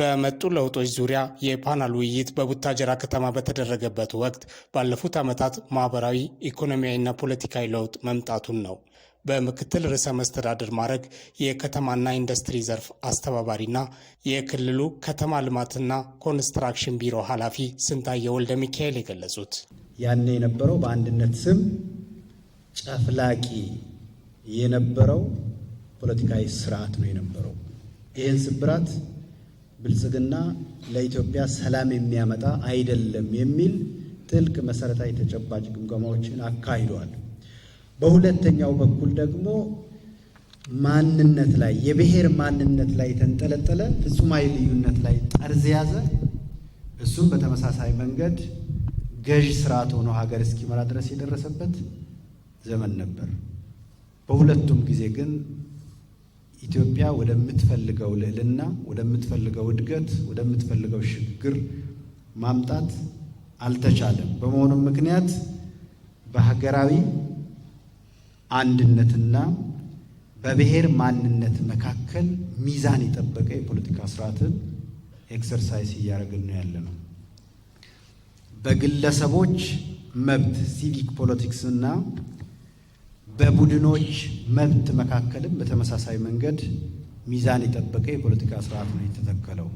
በመጡ ለውጦች ዙሪያ የፓናል ውይይት በቡታጀራ ከተማ በተደረገበት ወቅት ባለፉት ዓመታት ማህበራዊ ኢኮኖሚያዊና ፖለቲካዊ ለውጥ መምጣቱን ነው በምክትል ርዕሰ መስተዳድር ማዕረግ የከተማና ኢንዱስትሪ ዘርፍ አስተባባሪና የክልሉ ከተማ ልማትና ኮንስትራክሽን ቢሮ ኃላፊ ስንታየ ወልደ ሚካኤል የገለጹት። ያኔ የነበረው በአንድነት ስም ጨፍላቂ የነበረው ፖለቲካዊ ስርዓት ነው የነበረው። ይህን ስብራት ብልጽግና ለኢትዮጵያ ሰላም የሚያመጣ አይደለም የሚል ጥልቅ መሰረታዊ ተጨባጭ ግምገማዎችን አካሂደዋል። በሁለተኛው በኩል ደግሞ ማንነት ላይ የብሔር ማንነት ላይ የተንጠለጠለ ፍጹማዊ ልዩነት ላይ ጠርዝ ያዘ። እሱም በተመሳሳይ መንገድ ገዥ ስርዓት ሆኖ ሀገር እስኪመራ ድረስ የደረሰበት ዘመን ነበር። በሁለቱም ጊዜ ግን ኢትዮጵያ ወደምትፈልገው ልዕልና፣ ወደምትፈልገው እድገት፣ ወደምትፈልገው ሽግግር ማምጣት አልተቻለም። በመሆኑም ምክንያት በሀገራዊ አንድነትና በብሔር ማንነት መካከል ሚዛን የጠበቀ የፖለቲካ ስርዓትን ኤክሰርሳይዝ እያደረግን ነው ያለ ነው። በግለሰቦች መብት ሲቪክ ፖለቲክስ እና በቡድኖች መብት መካከልም በተመሳሳይ መንገድ ሚዛን የጠበቀ የፖለቲካ ስርዓት ነው የተተከለው።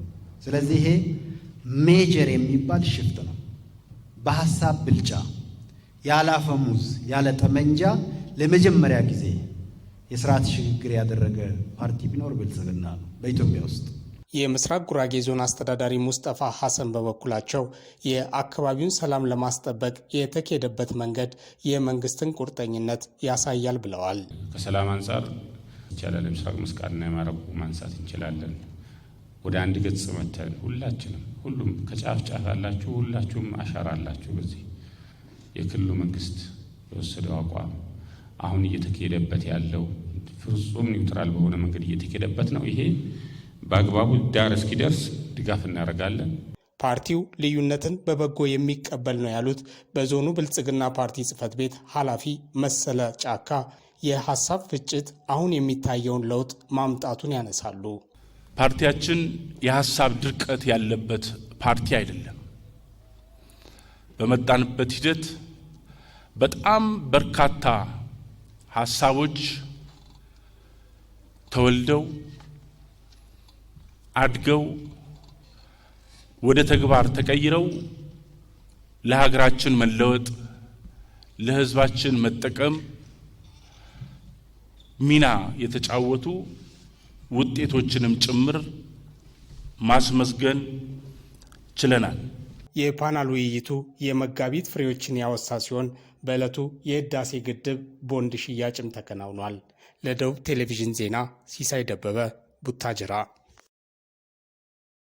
ስለዚህ ይሄ ሜጀር የሚባል ሽፍት ነው። በሀሳብ ብልጫ ያለ አፈሙዝ ያለ ጠመንጃ ለመጀመሪያ ጊዜ የስርዓት ሽግግር ያደረገ ፓርቲ ቢኖር ብልጽግና ነው በኢትዮጵያ ውስጥ። የምስራቅ ጉራጌ ዞን አስተዳዳሪ ሙስጠፋ ሐሰን በበኩላቸው የአካባቢውን ሰላም ለማስጠበቅ የተካሄደበት መንገድ የመንግስትን ቁርጠኝነት ያሳያል ብለዋል። ከሰላም አንጻር ይቻላል የምስራቅ መስቃንና የማረቁ ማንሳት እንችላለን። ወደ አንድ ገጽ መተን ሁላችንም ሁሉም ከጫፍ ጫፍ አላችሁ፣ ሁላችሁም አሻራ አላችሁ። በዚህ የክልሉ መንግስት የወሰደው አቋም አሁን እየተካሄደበት ያለው ፍጹም ኒውትራል በሆነ መንገድ እየተካሄደበት ነው ይሄ በአግባቡ ዳር እስኪደርስ ድጋፍ እናደርጋለን። ፓርቲው ልዩነትን በበጎ የሚቀበል ነው ያሉት በዞኑ ብልጽግና ፓርቲ ጽህፈት ቤት ኃላፊ መሰለ ጫካ የሀሳብ ፍጭት አሁን የሚታየውን ለውጥ ማምጣቱን ያነሳሉ። ፓርቲያችን የሀሳብ ድርቀት ያለበት ፓርቲ አይደለም። በመጣንበት ሂደት በጣም በርካታ ሀሳቦች ተወልደው አድገው ወደ ተግባር ተቀይረው ለሀገራችን መለወጥ ለሕዝባችን መጠቀም ሚና የተጫወቱ ውጤቶችንም ጭምር ማስመዝገን ችለናል። የፓናል ውይይቱ የመጋቢት ፍሬዎችን ያወሳ ሲሆን በዕለቱ የህዳሴ ግድብ ቦንድ ሽያጭም ተከናውኗል። ለደቡብ ቴሌቪዥን ዜና ሲሳይ ደበበ ቡታጅራ